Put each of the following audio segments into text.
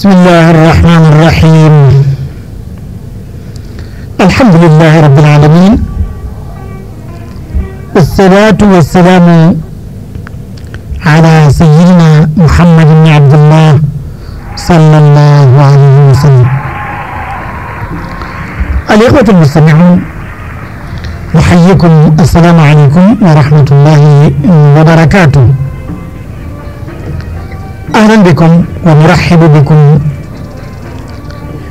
بسم الله الرحمن الرحيم الحمد لله رب العالمين والصلاة والسلام على سيدنا محمد بن عبد الله صلى الله عليه وسلم الإخوة المستمعون نحييكم السلام عليكم ورحمة الله وبركاته أهلا بكم ونرحب بكم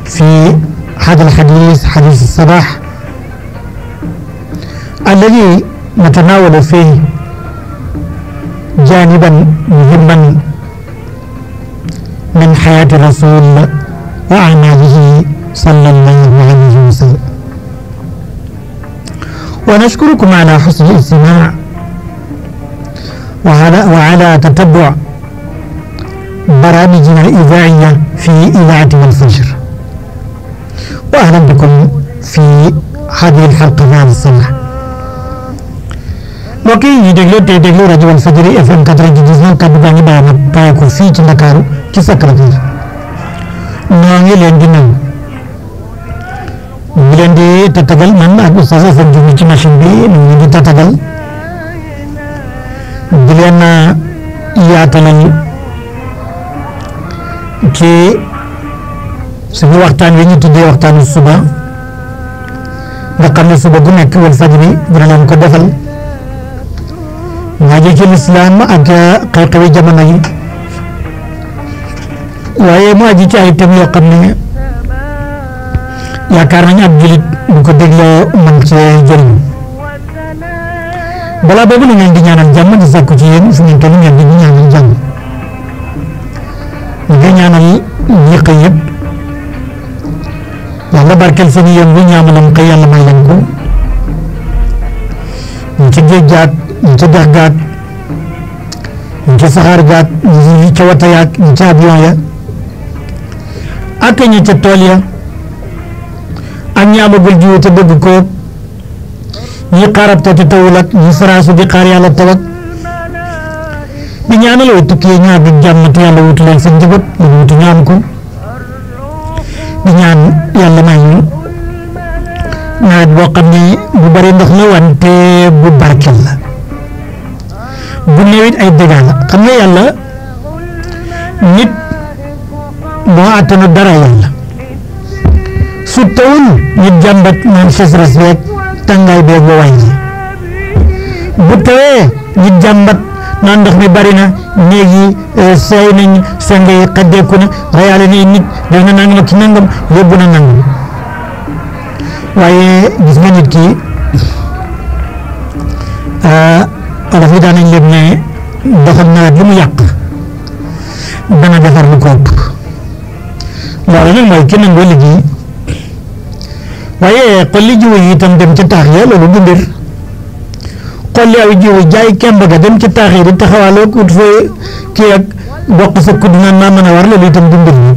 في هذا الحديث حديث الصباح الذي نتناول فيه جانبا مهما من حياة الرسول وأعماله صلى الله عليه وسلم ونشكركم على حسن الاستماع وعلى, وعلى تتبع برامجنا الإذاعية في إذاعة الفجر وأهلا بكم في هذه الحلقة في هذا الصباح لكن يدلو تدلو رجو الفجر أفن قدر كتر جيجيزنا بغاني بانا باكو في تندكارو كيسا نعم، دي نواني لندي نم بلندي تتغل من أبو سازا سنجوني كماشن بي نواني نعم، تتغل بلنا ياتنا ci suñu waxtaan wi ñu tuddee waxtaanu suba nga xam ne suba gu nekk Walfadjri dina leen ko defal ñaaje ci lislaam ak xew-xewi jamono yi waaye mu aji ci ay thèmes yoo xam ne yaakaar nañ ab jullit bu ko dégloo mën cee jëriñ balaa boobu la ngeen di ñaanal jàmm di sàkku ci yéen fu ngeen toll ngeen di ñaanal jàmm di ñaanal ñi xëy yëpp yàlla barkeel seen i yëngu ñaamalam xëy yàlla may leen ko ñu ci géej gaag ñu ci dex gaag ñu ci saxaar gaag ñu ci wata yaag ya ak ñi ca tool ya ak ñi amagul jiwu te dëgg ko ñi xaarab te ci tawul ak ñi saraasu di xaar yàlla අපි ඥාන ලෝතු කියන විඥානතිය ලෝතු ලෙසින් ජීවත් ලෝතු ඥාන කුන් ඥාන යන්නමයි nawet boo xam ne bu bari ndox la wante bu barkel la bu néewit ay dégâts la xam nga yàlla nit moo attanu dara yàlla su tawul nit jàmbat naan sécheresse beeg tàngaay beeg ba wàññi bu tawee nit jàmbat naan ndox mi bari na néeg yi euh, say nañ sang yi xaddeeku na rayaale na nit def na nangam ak ci nangam yóbbu na nangam waaye gis nga nit ki wala euh, fi daanañ leen ne doxal nawet mu yàq dana defar lu ko ëpp loolu nag mooy kenn ngoo liggéey waaye xolli jiw yi itam dem ca taax ya loolu xolli aw jiwu jaay kemb ga dem ci taax yi di taxawaaloo ut fa kii ak bokk sa kudd naan maa mën a war la lu itam du mbir mi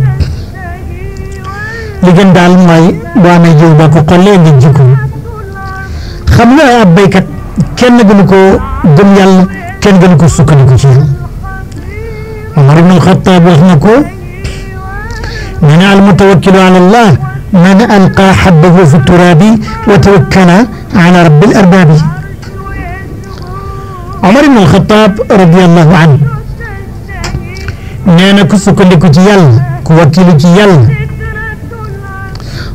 li gën daal mooy boo amee jiw ba ko xollee nga ji ko xam nga ab béykat kenn gënu ko gëm yàlla kenn gënu ko sukkandiku ci yàlla Omar ibn Alxataab wax na ko nee na al mutawakkilu ala allah man alqa xabbahu fi turaabi wa tawakkala ala rabbil arbaabi Omar ibn Alxataab radiyallahu anhu nee na ku sukkandiku ci yàlla ku wakkilu ci yàlla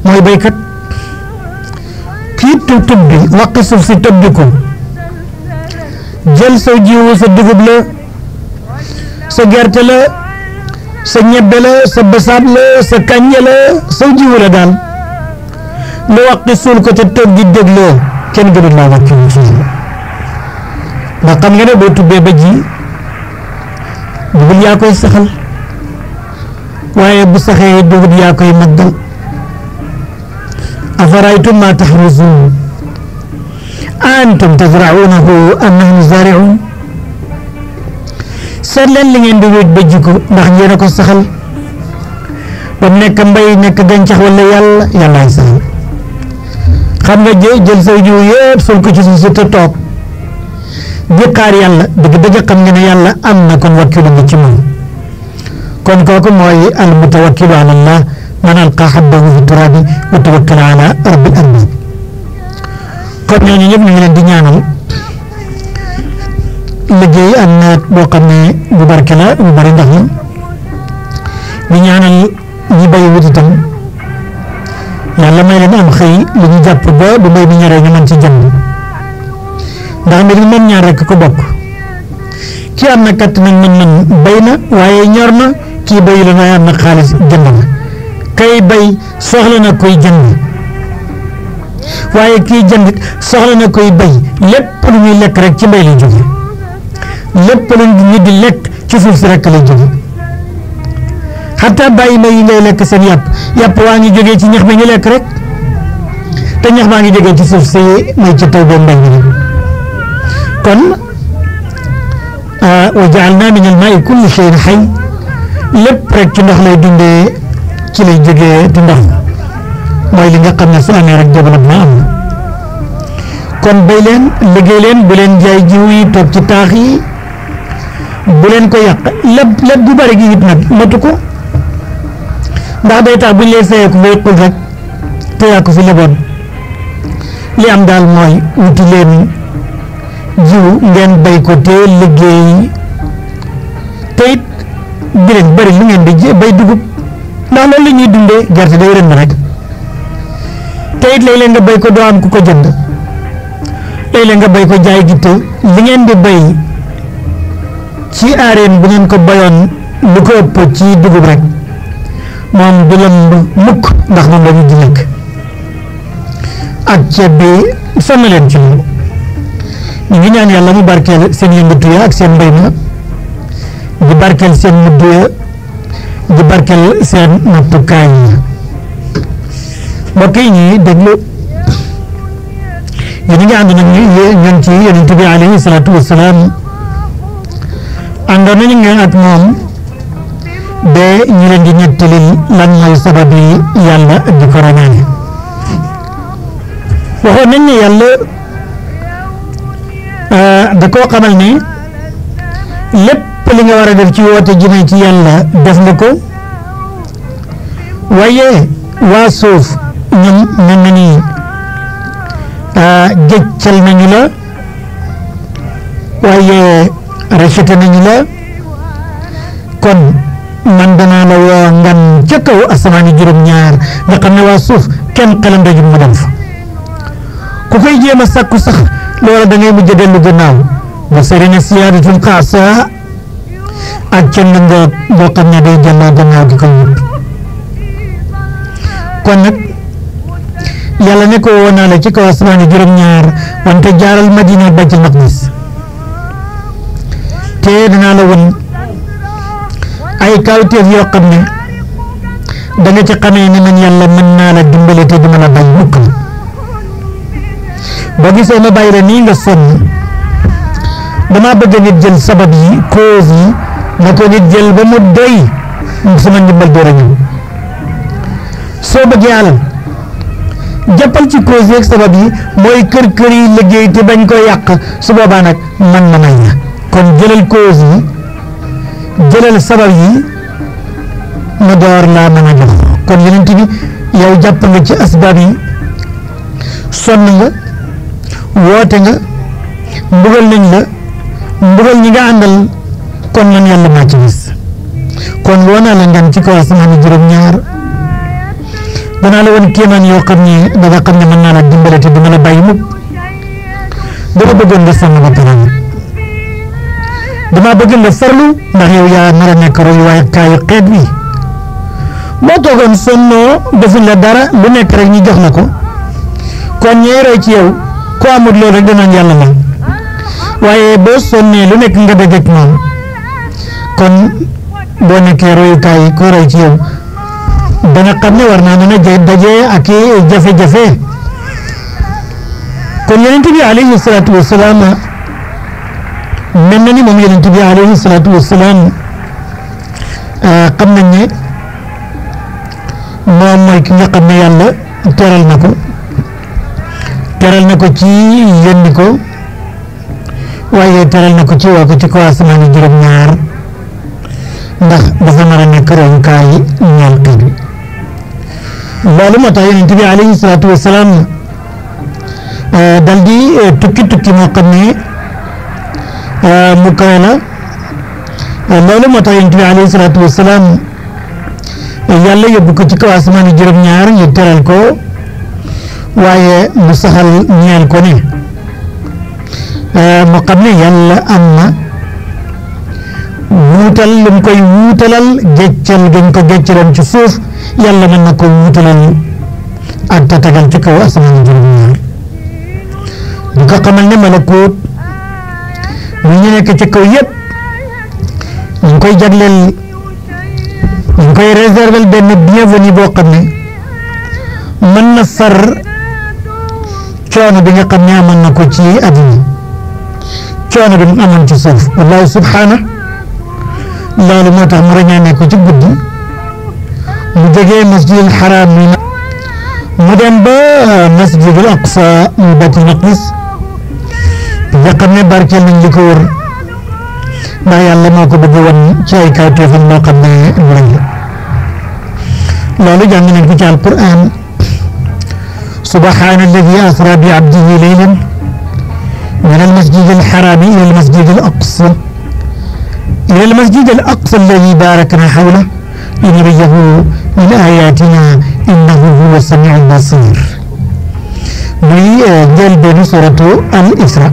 mooy béykat kii tu tubbi waqi suuf si tubbi ko jël sa jiwu sa dugub la sa gerte la sa ñebbe la sa basaab la sa kàññe la sa jiwu la daal lu waqi suul ko ca toog di dégloo kenn gënul laa wàcc ndax xam nga ne boo tubbee ba ji dugal yaa koy saxal waaye bu saxee dugal yaa koy maggal afaraytum ma taxrusun antum tazraunahu am nahnu zariun seet leen li ngeen di wéet ba ji ko ndax ngeen a ko saxal ba nekk mbay nekk gàncax wala yàlla ay saxal xam nga jël sa jiw yëpp sol ko ci suuf si te toog jëkkaar yàlla dëgg dëgg xam nga ne yàlla am na kon wakkilu bi ci moom kon kooku mooy al mutawakkilu ala allah man alqa habbahu fi turaabi wa tawakkala ala rabbil kon ñooñu ñëpp ñu leen di ñaanal liggéey am nawet boo xam ne bu barke la bu bari ndax la di ñaanal ñi bay wut itam yàlla may leen am xëy lu ñu jàpp ba bu mbay mi ñoree ñu mën ci jënd ndax mbir mi moom ñaar rekk ko bokk kii am na katt nag mën man bay na waaye ñor na kii bayu la na am na xaalis jënd na kay bay soxla na koy jënd waaye kii jënd soxla na koy bay lépp lu ñuy lekk rek ci mbay ñu di lekk ci suuf si rek la jóge xataa bàyyi ma yi ngay lekk seen yàpp yàpp waa ngi jógee ci ñax bi ñu lekk rek te ñax maa ngi jógee ci suuf si may ci taw ba mbay mi kon euh, wa ja'alnaa min al-maa'i kulli shay'in hayy lépp rek ci ndox lay dundee ci lay jógee di ndox mooy li nga xam ne su amee rek développement am kon béy leen liggéey leen jaay jiw yi toog ci taax yi bu leen ko yàq lépp lépp gu bari gi it nag matu ko ndax day tax bu ñu lay fayeeku ngay xul rek ko fi leboon li am daal mooy wuti leen. jiw ngeen bay ko te liggéey teyit di leen bëri lu ngeen di bay dugub ndax loolu la ñuy dundee gerte day rënd rek teyit léeg-léeg nga bay ko doo am ku ko jënd léeg-léeg nga bay ko jaay gi te li ngeen di bay ci aareen bu ngeen ko bayoon lu ko ëpp ci dugub rek moom du lëmb mukk ndax moom la ñu nekk ak ceeb bi sonn leen ci loolu ñu ngi ñaan yàlla mu barkeel seen yëngatu ya ak seen mbéy ma di barkeel seen mudd ya di barkeel seen nattukaay yi mbokk yi ñuy déglu yéen a ngi ànd nag ñoom ci yonent bi alayhi salaatu wasalaam àndoon nañu ngeen ak moom be ñu leen di ñettali lan mooy sabab yi yàlla di ko ràññaane waxoon nañ ne yàlla Euh, da koo xamal ne lépp li nga war a def ci woote jëme ci yàlla def nga ko waaye waa suuf ñoom mel na ni euh, gëccal nañu la waaye rafete nañu la kon man danaa la woo ngan ca kaw asamaani juróom-ñaar nga xam ne waa suuf kenn xelam dajum ma dem fa ku koy jéem a sàkku sax loola da ngay mujj dellu gannaaw ba sori na siyaadatul xaasa ak kenn nga boo xam ne day delloo gannaaw gi ko yëpp kon nag yàlla ne ko woon naa ci kaw asmaani juróom-ñaar wante jaaral madina baytul maqdis te danaa la woon ay kawteef yoo xam ne da nga ci xamee ne man yàlla mën naa la dimbale te duma la bañ mukk ba gisee ma bàyyi la nii nga sonn damaa bëgg nit jël sabab yi cause yi na ko nit jël ba mu doy sama ndimbal door a ñëw soo bëggee alal jàppal ci cause yi sabab yi mooy kër kër yi liggéey te bañ ko yàq su boobaa nag man ma may la kon jëlal cause yi jëlal sabab yi ma door laa mën a jox kon yeneen bi yow jàpp ci asbaab yi sonn nga woote nga mbugal nañ la mbugal ñi nga àndal kon man yàlla maa ci gis kon woo naa la ngan ci kaw asamaan juróom-ñaar danaa la woon kéemaan yoo xam ne da ne mën naa la dimbale te duma la bàyyi mukk dama bëggoon nga sàmm ba tëral dama bëgg nga farlu ndax yow a nekk royuwaay kaayu xeet wi boo toogoon sonnoo dara lu nekk rek ñu jox la ko kon ñooy ci yow. ku amul loolu rek danañ yàlla man waaye boo sonnee lu nekk nga dégg ak moom kon boo nekkee royukaay ku roy ci yow dana xam ne war naa mën daje ak i jafe-jafe kon yonent bi alayhi salaatu wasalaam mel na ni moom yonent bi alayhi salaatu wasalaam ah, xam nañ ne moom mooy ki nga xam ne yàlla na ko teral na ko ci yónni ko waaye teral na ko ci waa ko ci kaw asamaan yi juróom-ñaar ndax dafa nar a nekk royukaay ñeel xeet wi loolu moo tax yonent bi alayhi salaatu wasalaam eh, dal di eh, tukki tukki moo xam ne eh, mu kawe la loolu moo tax yonent bi alayhi salaatu wasalaam yàlla yóbbu ko ci kaw asamaan yi juróom-ñaar ñu teral ko waaye lu saxal ñeel ko ne mu xam ne yàlla am na wuutal lu mu koy wuutalal geccal gañ ko geccaloon ci suuf yàlla mën na ko wuutalal ak ta tagal ci kaw asamaan juróom-ñaar du ko xamal ne malakuut mu ñu nekk ci kaw yëpp ñu ngi koy jagleel ñu ngi koy réserver benn bienvenu boo xam ne mën na far coono bi nga xam ne amoon na ko ci àddina coono bi mu amoon ci suuf wallaahi subhaana loolu moo tax mu rañaane ko ci guddi mu jegee masjidul xaraam mi mu dem ba masjidul aqsa mu bati naqis bi nga xam ne barkeel nañ li ko wër ndax yàlla moo ko bëgg woon ci ay kaw teefam moo xam ne mu lañ la loolu jàng nañ ko ci alquran سبحان الذي أسرى بعبده ليلا من المسجد الحرام إلى المسجد الأقصى إلى المسجد الأقصى الذي باركنا حوله لنريه من آياتنا إنه هو السميع البصير muy jël eh, benn suratu al isra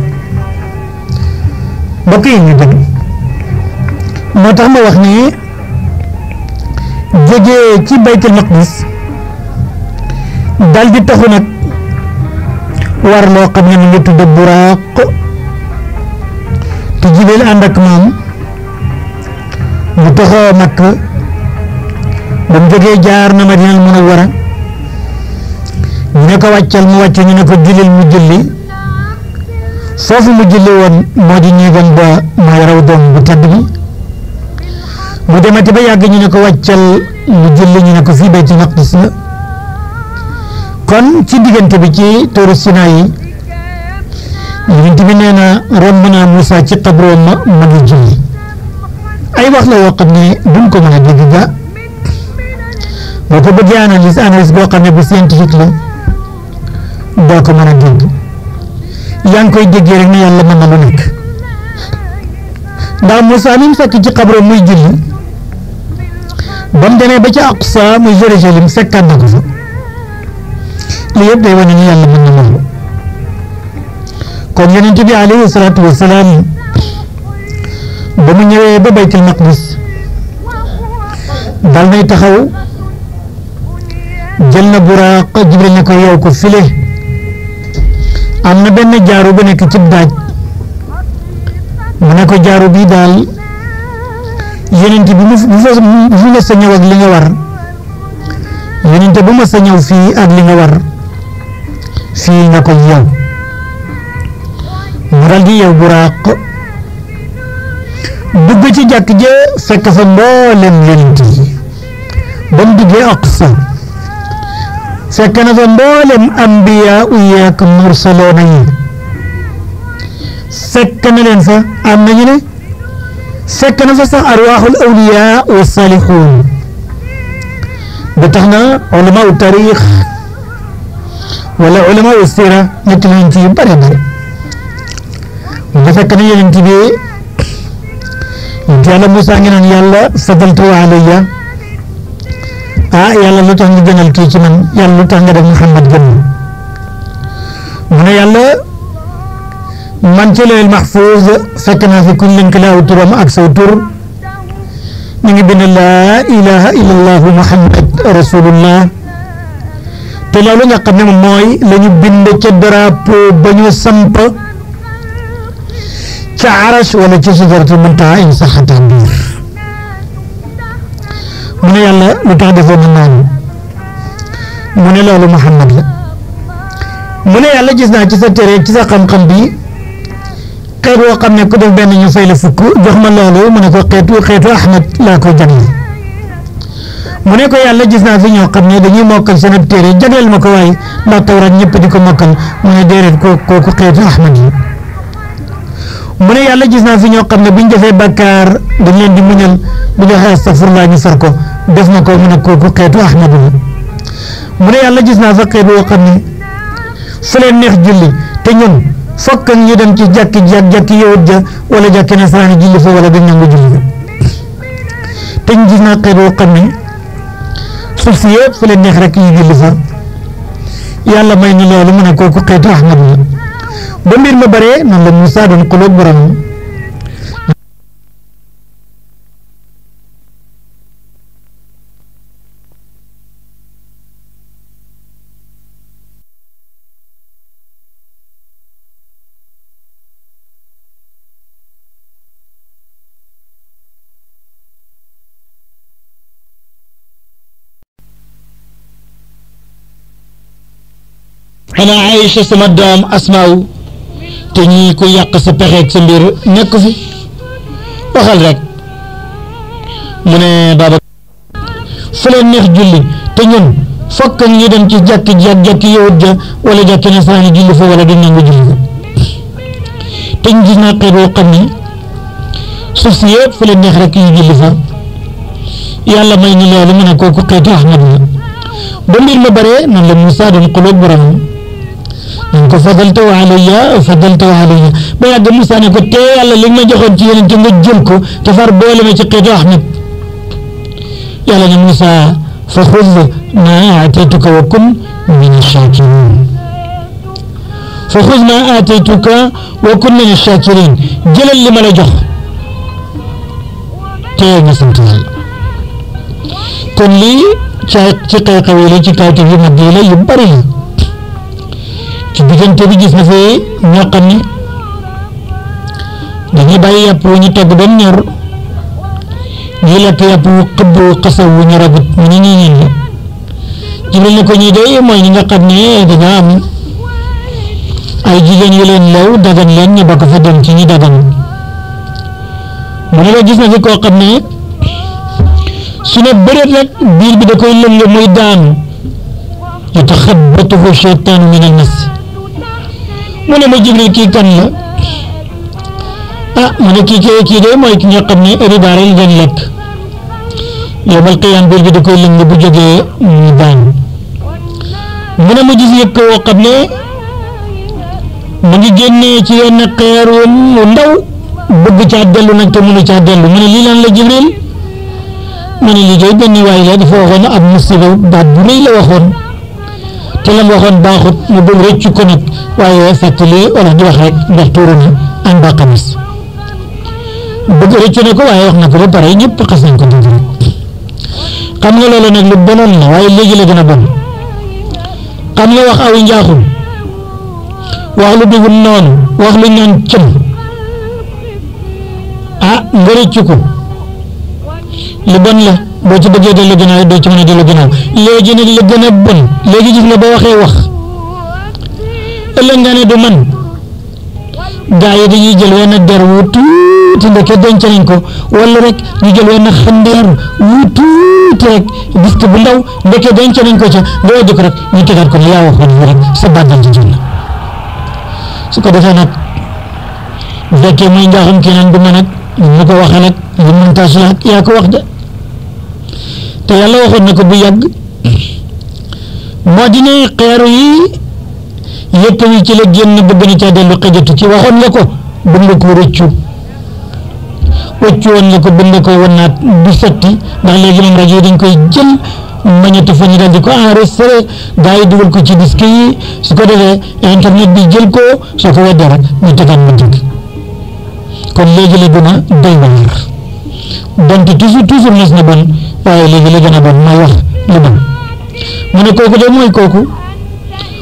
mbokk yi ñu dégg كي بيت المقدس dal di taxu nag war loo xam ne mu ngi tudd buraaq te Jibril ànd ak moom bu taxoo Makka ba mu jógee jaar na Madinal Munawwara ñu ne ko wàccal mu wàcc ñu ne ko jullil mu julli foofu mu julli woon moo di ñeegal ba mooy raw doom bu tedd bi mu demati ba yàgg ñu ne ko wàccal mu julli ñu ne ko fii ci Maqdis la kon ci digënté bi ci turu sina yi yonent bi nee na romb naa Moussa ci qabru ma magi julli ay wax la yo xamné buñ ko mëna dégg ga mo ko bëgg bëggee analyse analyse boo xam ne bu scientifique la do ko mëna dégg yang koy déggé rek ni yalla mëna lu nek ndax musa li mu fekk ci qabru muy julli bam mu ba ci Aqsa muy Jérusalem fekkaat na ko fa li yëpp day wane ni yàlla mën na loolu kon yonent bi alayhi salaatu wasalaam ba mu ñëwee ba baytul maqdis dal nay taxaw jël na buraaq jibril ne ko yow ko file am na benn jaaru bu nekk ci daaj mu ne ko jaaru bii daal yonent bi mu ma sa ñëw ak li nga war yonent bu ma sa ñëw fii ak li nga war fii nga ko yeew mu buraaq dugg ci jàkk je fekk fa mboolem ba mu duggee Aqsa fekk na fa mboolem ambiyaa u yeek mursaloona yi na fa am nañu ne fa sax arwaaxul awliyaa wa saalixuun ba tax na ولا علماء السيرة مثل ينتي بريد وذا كان ينتي بي جالا موسى عنين أن يالا فضلتو عليا آه يالا لطنج دنال كيش من يالا لطنج دن محمد جن من يالا من تلو المحفوظ فكنا في كل انكلا وطور ما أكسو طور من بن لا إله إلا الله محمد رسول الله te loolu nga xam ne mooy la ñu bind ca drapeau ba ñu samp ca arash wala ca sujaratul muntaha in saxata biir mu ne yàlla lu tax defoo ma naan mu ne loolu Muhammad la mu ne la gis naa ci sa téere ci sa xam-xam bi ka woo xam ne ku def benn ñu fay la fukk jox ma loolu mu ne ko xeetu xeetu Ahmad laa ko jàngal mu ne ko yàlla gis naa fi ñoo xam ne dañuy mokkal seen ab téere jagleel ma ko waaye ndax tawraat ñëpp di ko mokkal mu ne déedéet ko kooku xeetu ahmad mu ne yàlla gis naa fi ñoo xam ne bu defee bàkkaar dañ leen di muñal bu ñu waxee ñu far ko def na ko mu ne kooku xeetu ahmad yi mu ne yàlla gis naa fa xeet woo xam ne fu leen neex julli te ñun fokk ñu dem ci jàkki jàkki yawut ja wala jàkki nasaraani julli fa wala dañ nangu julli te ñu gis naa xeet woo xam ne suuf si yëpp fu leen neex rek ñu julli fa yàlla may na loolu mu ne kooku xeetu ahmad la ba mbir ma bare noonu la Moussa doon xulóog boromam xanaa Aïcha sama doom asmaaw te ñii ku yàq sa pexee sa mbir nekk fi waxal rek mu ne baba fu leen neex julli te ñun fokk ñu dem ci jàkki jàkki jàkki yawut ja wala jàkki julli fa wala duñ nangu julli te ñu gis naa xeet woo xam ni suuf si yëpp fu leen neex rek ñu julli fa yàlla may ñu loolu mu ne kooku xeetu Ahmad la ba mbir ma bare nan la Moussa doon xulóog boromam ko fadalta wa alayya fadalta wa alayya ba yàgg Moussa ne ko tee yàlla li nga ma joxoon ci yonent nga jël ko te far boole ma ci xeetu Ahmed yàlla ne Moussa fa xuz ma aataytuka wa kun min ash-shakirin fa xuz ma aataytuka wa kun min ash-shakirin jëlal li ma la jox tee nga sant yàlla kon lii ci ci xew-xew yi la ci kaw te yu mag yi la yu bari la ci diggante bi gis na fi ñoo xam ne dañuy bàyyi yàpp wu ñu togg ba mu ñor ñuy lekk yàpp wu xëbb xasaw wu ñoragut mu ne ñii ñii la Jibril ne ko ñii de mooy ñi nga xam ne dañoo am ay jigéen yu leen lew dagan leen ñu ci ñi dagan mu ne la gis na fi koo xam ne su ne bëreet rek biir bi da koy lëlle muy daan yataxabbatuhu shaytaanu min al-mas mu ne ma Jibril kii kan la ah ma kii kii kii de mooy ki nga xam ne riba rek ngeen lekk yawmal qiyaam buur bi da koy lëng bu jógee ñu baañ mu ne ma gis yëkk woo xam ne mu ngi génnee ci yenn xeer wu ndaw bëgg caa dellu nañ te mënu ca dellu mu ne lii lan la Jibril mu ne lii day benn waay la dafa waxoon ab musiba baat bu rëy la waxoon te la mu waxoon baaxut mu bëgg rëccu ko nag waaye fekk lii olof di wax rek ndax tuuru na an ba xamis bëgg rëccu ne ko waaye wax na ko ba pare ñëpp xas nañ ko dindi nga la waaye a bon xam nga wax aw njaaxum wax lu dugg noonu wax lu ñaan cëm ah nga rëccu ko lu bon la. boo ci bëggee dellu ginnaaw doo ci mën a dellu ginnaaw léegi nag la gën a bon léegi gis nga boo waxee wax ëllëg nga ne du man gaa yi dañuy jël wenn der wu tuuti ndeke denc nañ ko wala rek ñu jël wenn xandeer wu tuuti rek gis ko bu ndaw ndeke denc nañ ko ca nga wàññi ko rek ñu tegaat ko ne yaa waxoon ñu rek sa baat dañ ci la su ko defee nag bu fekkee muy njaaxum kii naan du man ak ñu ko waxee nag ñu mën yaa ko wax de. te yalla waxoon nako bu yag moo xeru yi yëpp yi ci la genn bëgg ni a delu xejatu ci waxon nga ko bëgg ko reccu waccu won nga ko bëgg ko wanaat bu fetti ndax legi moom rajo dañ koy jël mañu tu yi dal di ko enregistrer gaay duul ko ci disque yi su ko defé internet bi jël ko su ko weddee rek ni tegaat mu dig kon legi la gën a doy waar donc toujours toujours nas na bon waaye léegi la gën a bon may wax lu bon mu ne kooku de mooy kooku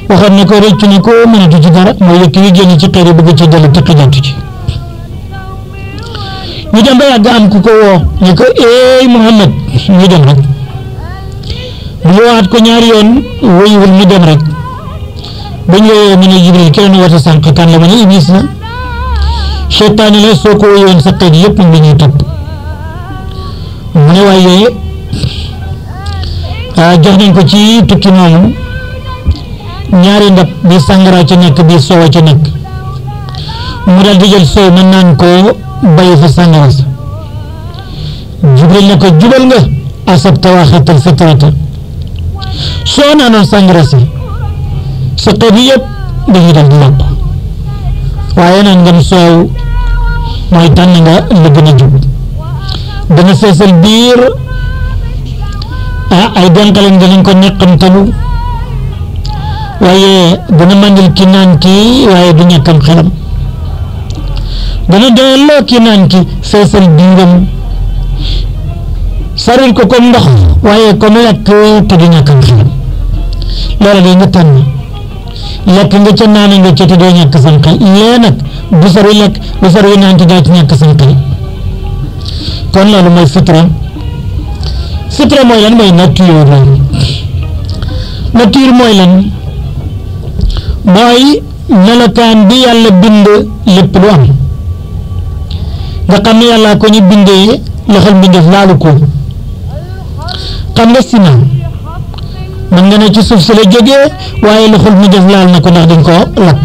waxoon ne ko rëccu ne ko du ci dara mooy yëkk yu génn ci xëri bëgg ci dellu ci xëjantu ci ñu dem ba yàgg am ku ko woo ne ko ey Muhammad ñu dem rek bu waat ko ñaari yoon woyuwul ñu dem rek bañ woowee mu ne Jibril kenn wata sànq kan la ma ne Iblis la seytaane la soo ko woyoon sa xeet yëpp mu ngi ñuy topp mu ne waaye Ah, jox nañ ko ci tukki moomu ñaari ndab bi sàngara ci nekk bi soow ci nekk mu daal di jël soow mën naan ko bàyyi fa sàngara sa jibril ne jubal nga asabta waaxatal fitrata soo naanoon sàngara si sa xeet yi yëpp dañuy dal di yàpp waaye naan ngam soow mooy tànn nga la gën jub dana feesal biir Ah, ay denkaleen danañ ko nekkantalu waaye dana mandil ki naan ki waaye du ñàkkam xelam dana doyalloo ki naan ki feesal dingam saril ko ko ndox waye ko lekk te du ñàkkam xelam loola day nga tan lek nga ci nan nga ci te doo ñàkk sam xal ye nak bu sori lekk bu sori nan ci da ci ñàkk sam xal kon loolu mooy fitra sutura mooy lan mooy nature nature mooy lan mooy melokaan bi yàlla bind lépp lu am nga xam ne yàlla ko ñu bindee loxol mbindeef laalu ko xam nga ciment mën nga ne ci suuf si la jógee waaye loxol mbindeef laal na ko ndax dañ ko lakk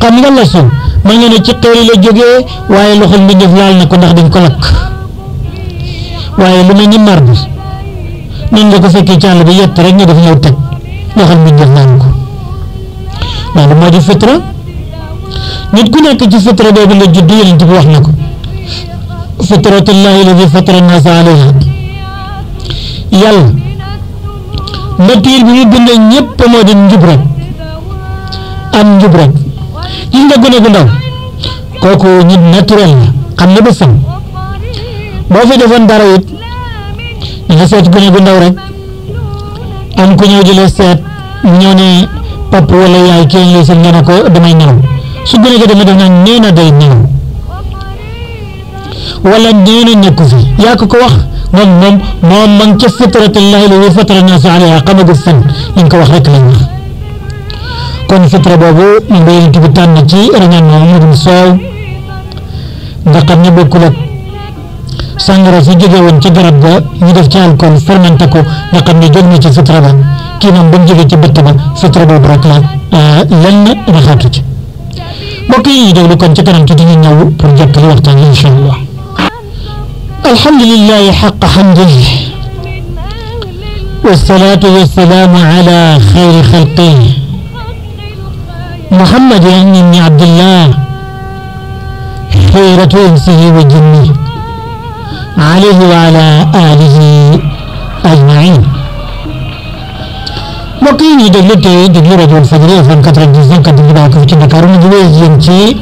xam nga su mën nga ne ci xeeri la jógee waaye loxol mbindeef laal na ko ndax dañ ko lakk waaye lu mel ni mar bi noonu nga ko fekkee ci bi yett rek nga def ñëw teg loo xam ne def naan ko loolu moo di fitra nit ku nekk ci fitra boobu la judd yonent bi wax na ko fitratullahi alladi fatara naasa alayha yàlla nature bi ñu bindee ñëpp moo di njub rek am njub rek yi nga gone gu ndaw kooku xam ne ba boo fi defoon dara it nga seet ku ne gu ndaw rek am ku ñëw di la seet ñëw ne wala yaay kenn la si nga ko damay nelaw su gune gi demee def naan nee day nelaw wala nee na fi yaa ko wax moom moom moom ma ngi ca fitratillahi lu fatara naas alayha xamagu fan li ko wax rek lañ wax kon fitra ngi ci soow nga sàngara su jóge woon ci garab ga ñu def ci alcool fermenté ko nga xam ne jóg na ci sutura ba kii moom ba mu jógee ci bëtt ba sutura boobu rek la lenn raxaatu ci mbokk yi ñuy déglu kon ci kanam tuuti ñu ñëw pour jottali waxtaan yi incha allah alhamdulillahi xaqa xamdihi والصلاة والسلام على خير خلقه محمد بن عبد الله خيرة إنسه وجنه عليه وعلى آله أجمعين واقعي دلتي دلورة د لوري د فضلې فن کتر د ځان کډ د باکو چې کارونه دی یم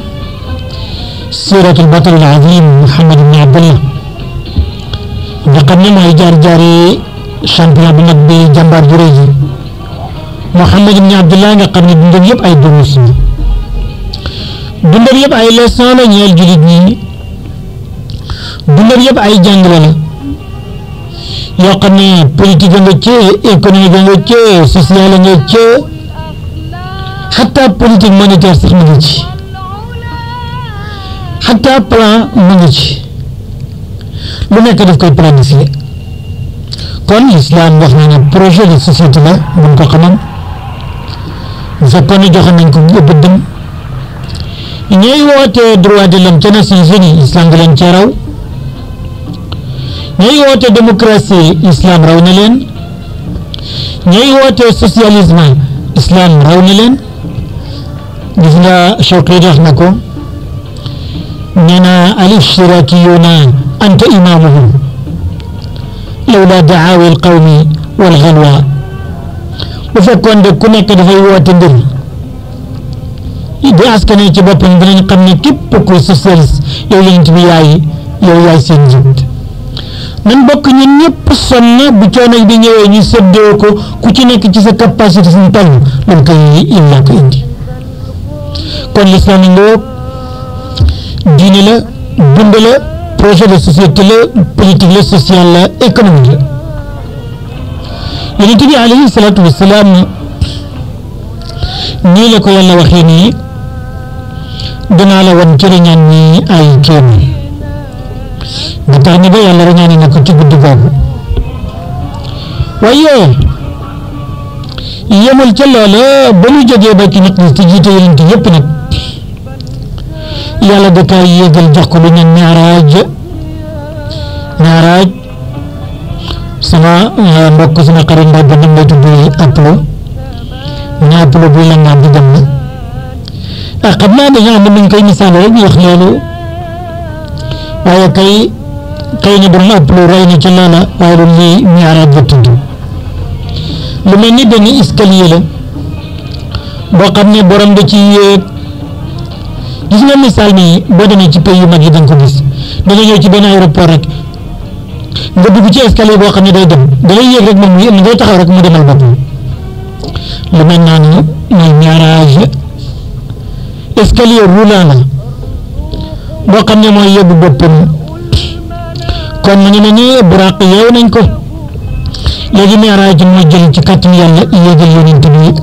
البطل العظيم محمد بن عبد الله نقدم جار جاري شامبيون بنك بي جنبار جريجي محمد بن عبد الله نقدم بندر يبقى اي دروس بندر يب اي لسانا نيال جريجي dundal yëpp ay jàngale la yoo xam ne politique nga ci économique nga ci social nga ci xataa politique monétaire sax mu ngi ci xataa plan mu ngi ci lu nekk daf koy planifié kon l'islam wax na ne projet de société la buñ ko xamoon bu fekkoon ne joxe nañ ko bëddam ñooy wootee droit de l'homme ca Nations Unies islam nga leen cee raw nyoyote demokrasi islam raunelen nyoyote socialisma islam raunelen نزنا شوقي رحمكم ننا الاشتراكيون أنت إمامهم لولا دعاوي القوم والغلوى وفكون دكنا قد هيوا تندر إذا أسكن يجب أن بندرين قمنا كيف بكو سوسيالس يولين تبيعي يولي سنجد nan bokk ñun ñëpp sonn bu coono yi di ñëwee ñu séddoo ko ku ci nekk ci sa capacité suñu toll lan koy yàlla ko indi kon lislaam yi nga diine la dund la projet de société la politique la sociale la économique la yonent bi alayhi salaatu wasalaam nii la ko yàlla waxee nii danaa la wan cëriñaan ñi ay kéem motax ni ba yalla ñaan ni ko ci guddu bob waye yemul ci lolé ba ñu joggé ba ci nit ni ci ah, jité yent yépp nak yalla da kay yegal jox ko lu ñaan naraaj naraaj sama mbokk sama xari ndaw ba ñu tuddu applo ñaplo bu la nga di dem ak xamna da nga kay xëy na bu ma ëpp lu rëy na ci maana waaye lu lii miiraaj la lu mel ni benn escalier la boo xam ne borom da ci yéeg gis nga misaal mi boo demee ci pays yu mag yi da nga ko gis da ci benn aéroport rek nga boo xam ne day dem da ngay yéeg rek moom mu ngay taxaw rek mu demal boppam lu mel naa ni mooy miiraaj escalier roulant la boo xam ne mooy yóbbu boppam. kon mu ngi mel ni yeewu nañ ko léegi mi'raaj mooy jël ci kàttanu yàlla yéegal yonent bi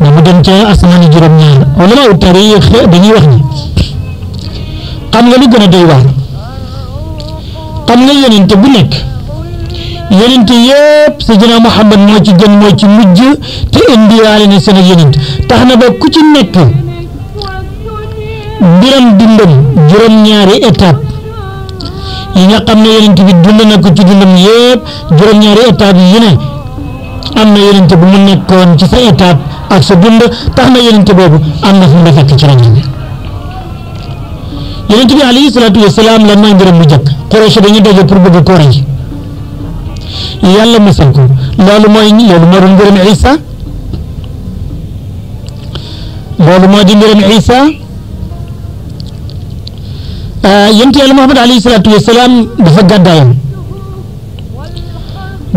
ba mu dem ca asmaani juróom-ñaar wala ma ut taarix dañuy wax ni xam nga lu gën a doy waar xam nga yonent bu nekk yonent yëpp Sayyidina Muhammad moo ci gën moo ci mujj te indiwaale na seen yonent tax na ba ku ci nekk biram dundam juróom-ñaari étape. yi nga xam ne yonent bi dund na ko ci dundam yëpp juróom-ñaari étape yi ne am na yonent bu mu nekkoon ci sa étape ak sa dund tax na yonent boobu am na fu mu la fekk ci rajo bi yonent bi alayhi salaatu wa salaam lan mooy mbiram mu njëkk Quraysh dañuy daje pour bëgg ko rey yàlla musal ko loolu mooy loolu moo doon mbiram Isa loolu moo di mbiram Eh, yonent yàlla Muhammad alayhi salaatu wasalaam dafa gàddaayoon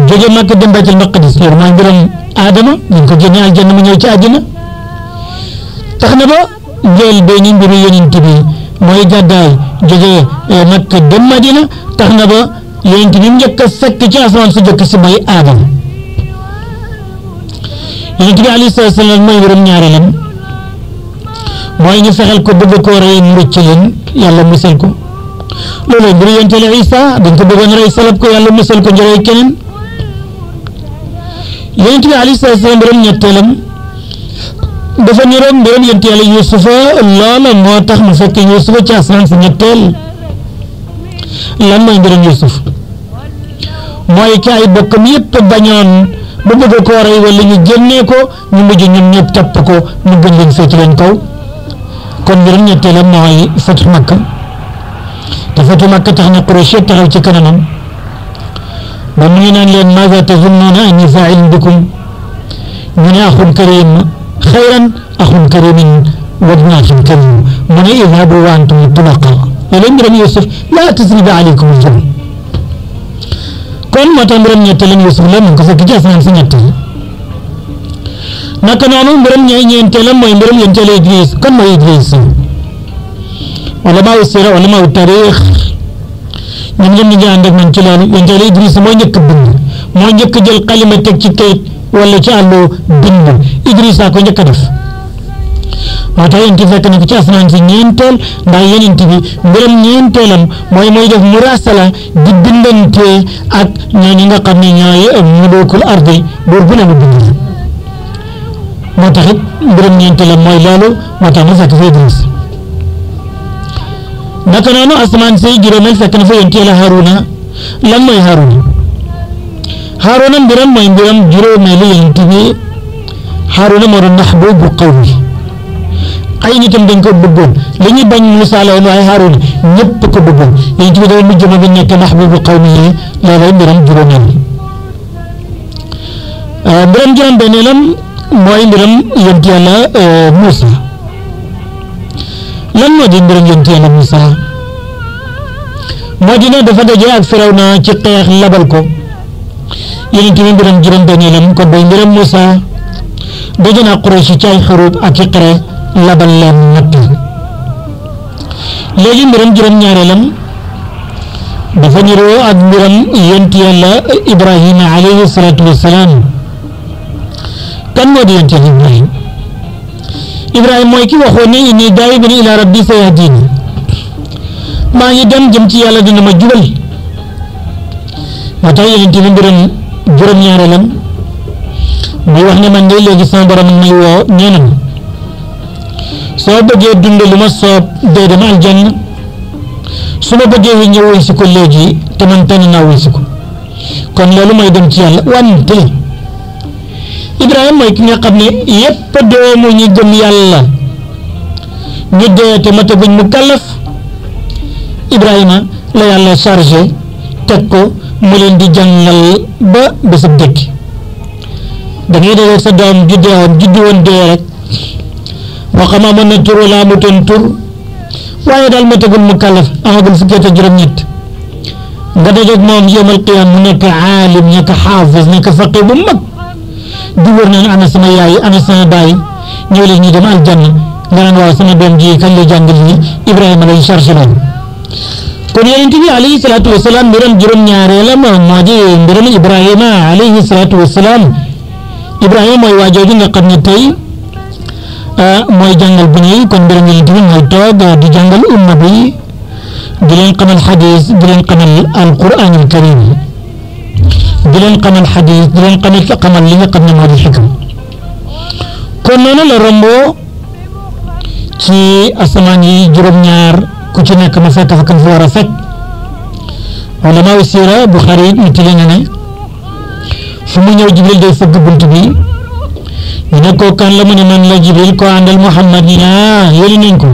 jóge Makka dem Baytul Maqdis loolu mooy mbiram Adama ñu ko génne aljanna mu ñëw ci àjjana tax na ba njël bee ni mbiru yonent bi mooy gàddaay jóge eh, Makka dem Madina tax na ba yonent bi njëkk a fekk ci asamaan su jëkk si mooy Adama yonent bi alayhi salaatu wasalaam mooy mbiram ñaareelam mooy ñu fexeel ko bëgg koo rey mu rëcc leen yàlla musal ko loolu mbiru yenteel Isa dañ ko bëggoon rey salab ko yàlla musal ko njërey keneen yonent bi alayhi salaatu salaam mbiram ñetteelam dafa niroog mbiram yonent yàlla Yuusufa loola moo tax mu fekk Yuusufa ci asamaan si ñetteel lan mooy mbiram Yuusuf mooy ki ay bokkam yëpp bañoon ba bëgg koo rey wala ñu génnee ko ñu mujj ñun ñëpp topp ko ñu gën leen féeti leen kaw kon juróom-ñetteelam mooy fatu makka te fatu makka tax na Quraysh yëpp taxaw ci kanamam ba mu ngi naan leen maaza tazunnuuna annii faa'ilun bikum ñu ne axun karim xayran axun karimin wajnaatin karim mu ne idhabu wa antum tulaqa ولم يرم يوسف لا تسرب عليكم الجبل كون ما تمرن يتلن يوسف لم يكن سكجاس نان سنتل naka noonu mbiram ñooy ñeenteelam mooy mbiram yonteelu Idris kan mooy Idris ulama sira ulama taarix ñoom ñu ngi ànd ak man ci loolu yonteelu Idris njëkk bind njëkk jël teg ci kayit wala ci àllu bind Idris a ko njëkk fekk na ci asamaan si ñeenteel ndax yonent bi mbiram mooy def murasala di bindante ak ñooñu nga xam ne ñooy mulukul ardi buur bu ne mu bind moo tax it mbirum ñeenti la mooy loolu moo tax mu fekk fa Idris naka noonu asamaan si juróomeel fekk na fa yonti yàlla Haruna lan mooy Haruna Haruna mbiram mooy mbiram juróomeelu yonent bi Haruna moo doon nax boobu xaw mi ay nitam dañ ko bëggoon li ñuy bañ Moussa la woon waaye Haruna ñëpp ko bëggoon yonent bi dafa mujj moom it nekk nax boobu xaw mi yee loolay mbiram juróomeel ah, mbiram juróom-benneelam mooy mbiram yonent yàlla euh, Moussa lan moo di mbiram yonent yàlla Moussa moo di ne dafa daje ak Firawna ci xeex labal ko yonent bi mbiram juróom-benneelam kon booy mbiram Moussa daje naa Quraysh ci ay xarub ak i xare labal leen natt léegi mbiram juróom-ñaareelam dafa niroo ak mbiram yonent yàlla Ibrahima alayhi salaatu wa salaam kan mo di yonte ibrahim ibrahim moy ki waxo ni ni inni bi ila rabbi sayadin ma ngi dem jëm ci yalla dina ma jubal moo tax yonente bi mbiram juróom-ñaareelam bi wax ni man de legi sama borom ni wo nee so ma soo bëggee dund lu ma soob dama aljanna su ma wi ñëw ko léegi te man na wul ci ko kon lolu mooy dem ci wan wante ibrahim moy ki nga xam yépp doomu ñi gëm yalla ñu dee mata buñ mu kàllaf ibrahima la yalla chargé teg ko mu leen di jàngal ba bésub dëkk da ngay dee sa doom ju deewoon juddu woon dee rek wa xama amoon na tur mu amutoon tur waaye daal matagul mu kàllaf amagul fukki at ak juróom-ñett nga dajeeg moom yëmal qiyam mu nekk aalim nekk xaafis nekk faqi bu mag di wër naan ana sama yaay ana sama baay ñëw leen ñu dem aljanna nga naan waaw sama doom ji kañ la jàngal Ibrahima lay chargé loolu kon yonent bi alayhi salaatu wa salaam mbiram juróom-ñaareelam moo di mbiram Ibrahima alayhi salaatu wa salaam Ibrahima mooy waa jooju nga xam ne ah, mooy jàngal bu ñuy kon mbiram yonent bi mooy toog ah, di jàngal umma bi di leen xamal xadis di leen xamal dilen xamal hadith dilen xamal xamal xamal li nga xamne mo di hikam kon nonu la rombo ci asman yi juróom-ñaar ku ci nek ma fekk fa kan fa wara fek wala ma sira bukhari ni tili ne fu mu ñew jibril day fogg buntu bi ñu ne ko kan la mu man la jibril ko andal muhammad ah, ya yeli nañ ko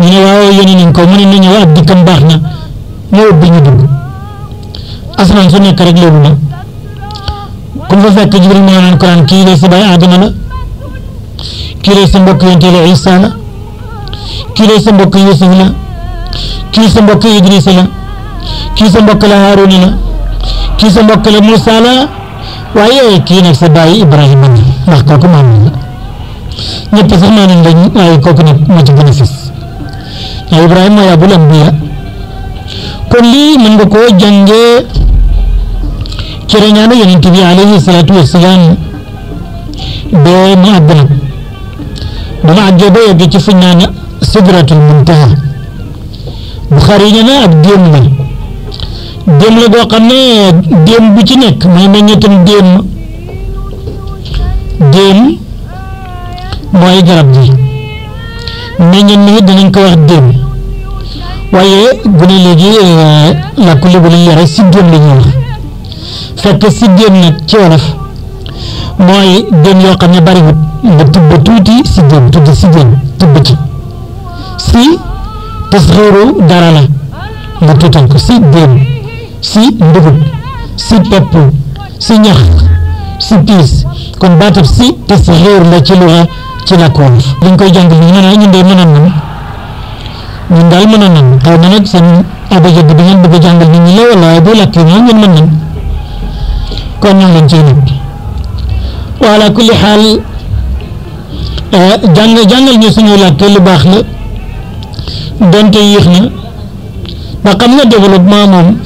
ñu ne waaw yeli ya nañ ko mu ne na wa dikam baxna ñew bi ñu dugg asman su nek rek lolu ku fa fekk Jibril moo naan ko naan kii de sa baay Aadama la kii de sa mbokk yonent la Isa kii de sa mbokk Yusuf la kii sa mbokk Idrisa la kii sa mbokk la kii sa mbokk la Muusa la kii nag sa baay Ibrahima la ndax kooku maam la ñëpp nañ lañ waaye a fës Ibrahima mooy abul ambiya kon lii mën koo jàngee ci reñaane yonent bi alayhi salaatu wasalaam ba mu àgg nag ba mu àggee ba yegg ci fuñ naan sidratul muntaha Buxaari nee na ab déem la déem la boo xam ne déem bu ci nekk mooy meññeetam déem déem mooy garab gi meññeet mi dinañ ko wax bu ne léegi làkku lébu lañ yore si déem la ñuy fekk siddéem nag ci wolof mooy déem yoo xam ne bariwut nga tubb tuuti siddéem tudd siddéem tubb ci si tasxiiru dara la nga tuutal ko si déem si ndugub si pepp si ñax si piis kon baatab si tasxiir la ci luxa ci la wolof dañ koy jàng ñu ne ñun day mën a nan ñun daal mën a nan xaw na nag seen abajag bi ngeen bëgg a jàngal nit ñi la wala waaye bu làkk ñoo ngeen mën nan kon ñu ngi leen ciy nag wala kulli xaal eh, jàng jàngal ñu suñu làkk lu baax la donte yéex na ba xam nga développement moom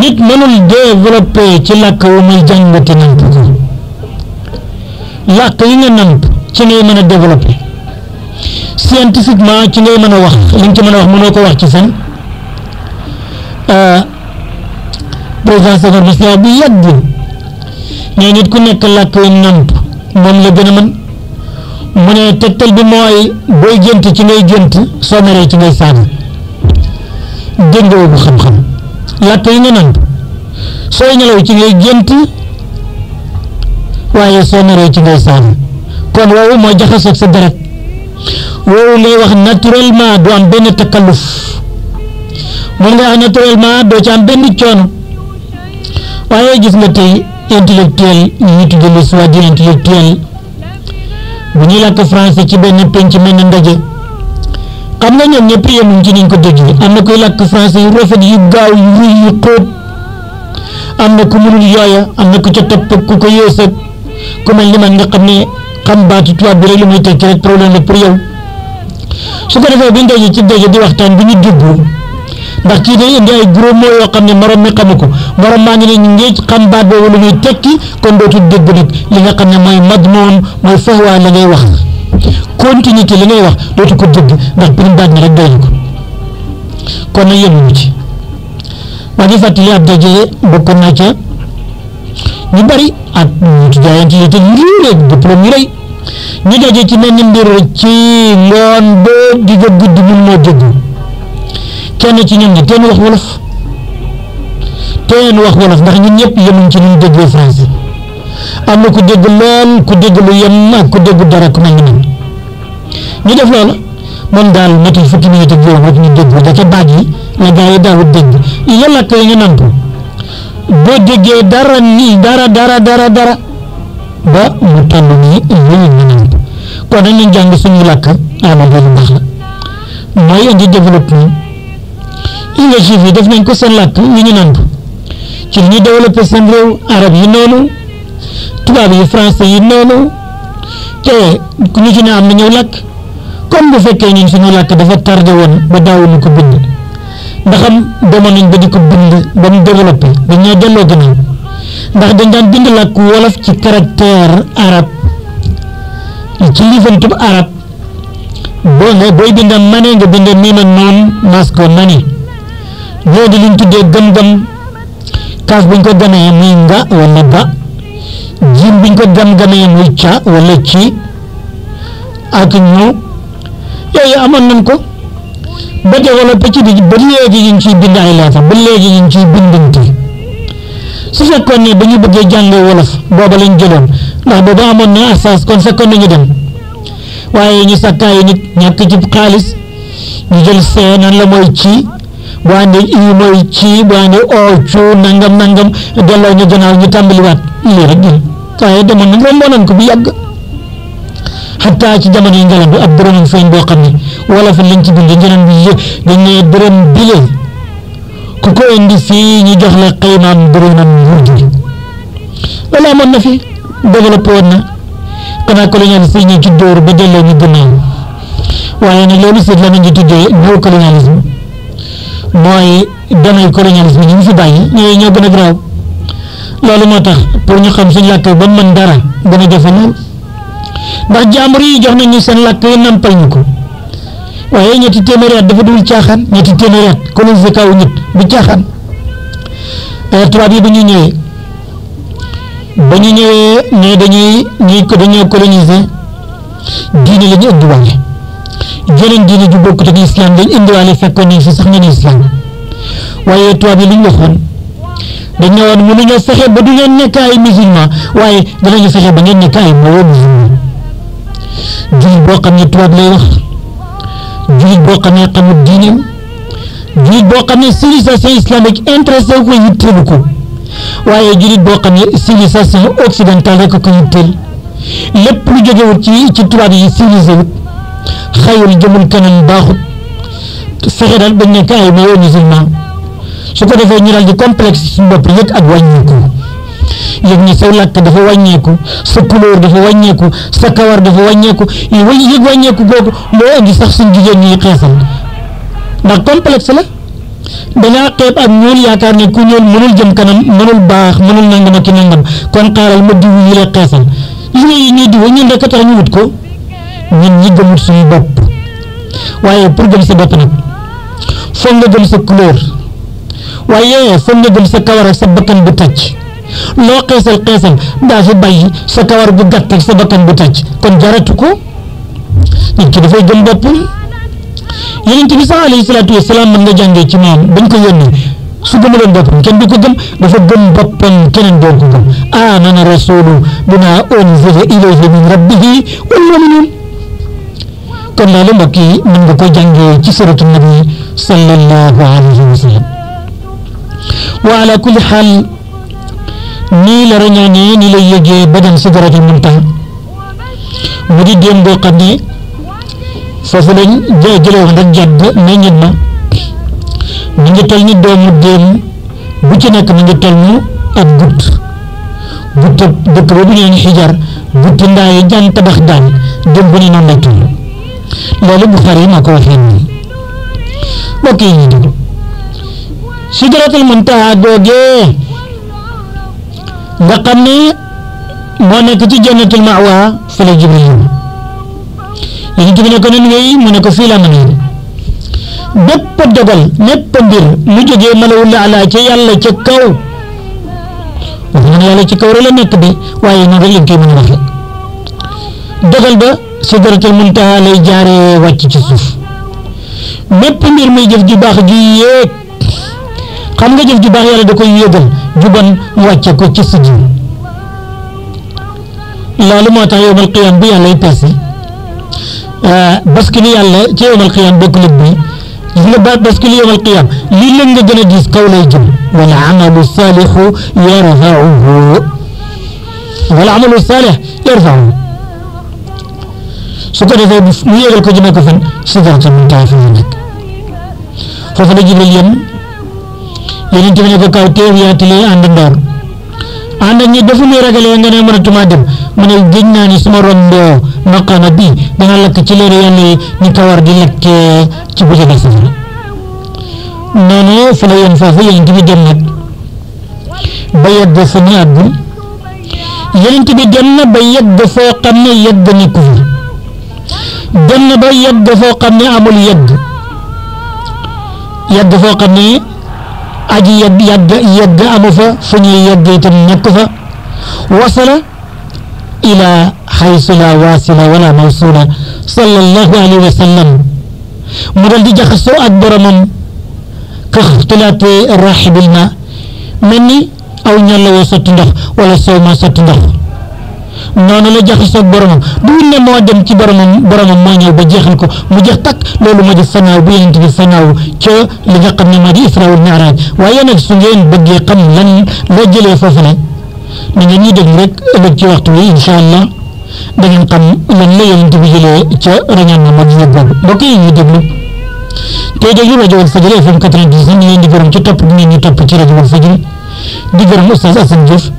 nit mënul développé ci làkk wu muy jàngati namp làkk yi nga namp ci ngay mën a développé scientifiquement ci ngay mën a wax li nga ci mën a wax mënoo ko wax ci fen eh, président Senghor gis naa bu yàgg mais nit ku nekk làkk wi namp moom la gën a mën mu ne tegtal bi mooy booy gént ci ngay gént soo ci ngay saaga déngoo bu xam-xam làkk yi nga namp sooy nelaw ci ngay gént waaye soo ci ngay saaga kon woowu mooy jaxasoog sa deret woowu ngay wax naturellement du am benn takalluf moom ngay wax naturellement doo ci am benn coono waaye gis nga tey intellectuel ñuy tudde le soi-disant intellectuel bu ñuy làkk français ci benn penc mel na ndaje xam nga ñoom ñëpp yemuñ ci niñ ko déggee am na koy làkk français yu rafet yu gaaw yu rëy yu xóot am na ku mënul yooya am na ku ca topp ku ko yées ak ku mel ni man nga xam ne xam baatu tubaab bi rek li muy tekki rek problème la pour su ko defee bi ndaje ci ndaje di waxtaan bi ñu jubbu ndax ci day indi ay gros mots yo xamni morom mi xamu morom ma ngi ni ngi xam baat bo wala ngay tekki kon dootul dégg nit li nga xamni moy mooy moy moom la ngay wax continuité li ngay wax dootu ko dégg ndax benn baat ne rek doy ko kon na yëmu ci ma ngi fàttali ab bu ko na ci ñu bari ak ñu tuddayante yi te ñu rek bu premier rëy ñu daje ci mel mbir ci ngoon ba digë gudd mu mo déglu kenn ci ñoom ni teen wax wolof teen wax wolof ndax ñun ñëpp yemuñ ci ñu déggee français am na ku dégg lool ku dégg lu yem ak ku dégg dara ku mel ni ñu def loolu man daal ni, fukki minute ak juróom rek ñu dégg da ca baaj yi la gaa yi daawut dégg ya lakk yi nga namp boo dara nii dara dara dara dara ba mu toll nii yooyu ñu namp kon dañu jàng suñu lakk amal lu baax la mooy indi développement indi juif yi def nañ ko seen làkk yu ñu nangu ci li ñu développé seen réew arab yi noonu tubaab yi français yi noonu te ñu ci ne am na ñuy làkk comme bu fekkee ñun suñu làkk dafa tardé woon ba daawuñu ko bind ndax am demoon nañ ba di ko bind ba mu développé dañ ñoo delloo gannaaw ndax dañ daan bind làkk wolof ci caractère arab ci liifantub arab boo ne booy bind mane nga bind miin a noon maas ko loolu di liñ tuddee gëm kaas kaaf buñ ko gëmee muy nga wala ba jiim buñ ko gëm-gëmee muy ca wala ci ak ñu yooyu amoon nañ ko ba développé ci bi ba léegi ñu ngi ciy bind ay laata ba léegi ñu ngi ciy bindante su fekkoon ne dañu bëggee jàng wolof booba lañ jëloon ndax booba amoon na asas kon fekkoon nañu dem waaye ñu sakkaayu nit ñàkk ci xaalis ñu jël see nan la mooy ci boo àndee ii mooy ci boo àndee oo nangam nangam delloo ñu gannaaw ñu tàmbaliwaat lii rek ñun waaye demoon nañ romboon nañ ko bu yàgg xataa ci jamono yi ngalam bi ab dërëm feeñ boo xam ne wala fa lañ ci bindee njëriñ bi yë dañ ne dërëm ko indi fii ñu jox la xaymaam dërëmam nguur gi loolu amoon na fi développé woon na xanaa colonialiste yi ñu ci dóor ba delloo ñu gannaaw waaye nag loolu seet la ñu tuddee néocolonialisme mooy damay colonialisme ñu fi bàyyi ñooy ñoo gën a garaaw loolu moo tax pour ñu xam suñu làkk ba mën dara gën a jafe lool ndax jàmbur yi jox nañu seen làkk yi nampal ñu ko waaye ñetti téeméeri dafa dul caaxaan ñetti téeméeri at colonisé kaw nit bu caaxaan tubaab yi ba ñu ñëwee ba ñu ñëwee ne dañuy ñuy ko dañoo colonisé diine la ñu ëpp wàññi jëleen diine ju bokkut ak lislaam dañ indiwaale fekkoon nañ fi sax ñu ne lislaam waaye tubaab yi li ñu waxoon dañ ne woon mënuñoo fexe ba du ngeen nekk ay musulman waaye danañu fexe ba ngeen nekk ay moo musulman jullit boo xam ne tubaab lay wax jullit boo xam ne xamut diineem jullit boo xam ne civilisation islamique intéressé ko yitteelu ko waaye jullit boo xam ne civilisation occidentale rek ko yitteel lépp lu jógewut ci ci tubaab yi civilisé wut xayul jëmul kanam baaxut fexe daal bañ nekk ay maillot musulman su ko defee ñu daal di complexe suñu bopp yëg ak wàññeeku yëg ne saw làkk dafa wàññeeku sa couleur dafa wàññeeku sa kawar dafa wàññeeku yëg wàññeeku googu moo indi sax suñ jigéen yi xeesal ndax complexe la danaa xeeb ak ñuul yaakaar ne ku ñuul mënul jëm kanam mënul baax mënul nangam ak ki nangam kon xaaral ma diw yi la xeesal li ñuy diw ñun rek tax ñu wut ko. ñun ñi gëmul suñu bopp waaye pour gëm sa bopp nag foog nga gëm sa couleur waaye foog nga gëm sa kawar ak sa bakkan bu tëj loo xeesal xeesal daa fi bàyyi sa kawar bu gàtt ak sa bakkan bu tëj kon jaratu ko nit ki dafay gëm boppam yonent bi sax alayhi salaatu wasalaam mën nga jàngee ci moom bañ ko yónnee su gëmuloon leen kenn du ko gëm dafa gëm boppam keneen doo ko gëm aamana rasulu bima unzila ilayhi min rabbihi kon loolu mbokk yi mën nga ko jàngee ci suratu nabi sallallahu alayhi wa sallam wa ala kulli xaal nii la rañaanee ni lay yëgee ba dem sidratul muntaha mu di déem boo xam ne foofu lañ jële woon mu ngi toll ni doomu ci nekk mu ngi toll ni ak gutt gutt dëkk boobu ñu naan xijar gutt ndaa yi jaan tabax daan déem bu ne noonu lay loolu Buxaari maa ko waxee nii mbokk yi ñu déglu sidratul muntaha googee nga xam moo nekk ci jannatul ma'wa fa la Jibril yéen ñu ne ko nan ngay mu ne ko fii la mën a bépp dogal bépp mbir mu jógee malawul ala ne yàlla ca kaw nekk bi waaye noonu rek lañ koy mën a waxee dogal ba. سدرة المنتهى لي جاري واتي سي سوف بيب مير مي جيف جو باخ جي ييك خمغا جيف جو باخ يالا داكاي ييغال جو بن واتي كو سي سجين لالو ما تاع يوم القيامه بي يالا يباسي ا باسكو لي يالا تي يوم القيامه بوك لي بي لي با باسكو لي يوم القيامه لي لنجا جنا جيس قولاي جيم والعمل الصالح يرفعه والعمل الصالح يرفعه su ko defee mu yéegal ko jëmee ko fan sigal ca mun taay fi mu nekk foofu la Jibril yem yonent bi ne ko kaw teew yaa tilee ànd ndoor ànd ak ñi dafa muy ragalee nga ne mënatuma dem mu ne géej naa ni suma romboo maqaama bii dana lekk ci leeru yàlla yi ni kawar di lakkee ci bu jege safara noonu fa la yem foofu yonent bi dem nag ba yegg fa na ba yegg foo xam ne yegg nekku fa dem ba yegg foo xam amul yegg yegg foo xam aji yegg yegg yegg amu fa fu ñuy yegg itam nekk fa wasala ila xaysu la waasila wala mawsuula sallallahu alayhi wa mu dal di jaxasoo ak boromam ka xtulaatee raaxibil ma aw ñal la woo sotti ndox wala soow sotti ndox noonu la jaxasoo ak borom bu ne mo dem ci borom borom mo ñëw ba jexal ko mu jex tak lolu mo def sanaw bu yent bi sanaw ci li nga xamne ma di isra wal mi'raj waye nak su ngeen bëgge xam lan la jëlé fofu ne ni ngeen ñi déglu rek ëllëg ci waxtu yi inshallah da ngeen xam lan la yent bi jëlee ca rañaan na ba boobu mbokk yi lu déglu jëg yu rajo Wal Fajri FM 90 ñi leen di gërëm ci top ñi ñi top ci rajo Wal Fajri di gërëm Oustaz Assane Diouf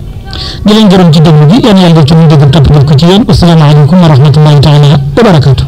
di leen gërëm ci déglu bi yéen yàlla def ci ñu dégg topp def ko ci yéen asalaamaaleykum wa rahmatullahi taala wa barakaatu.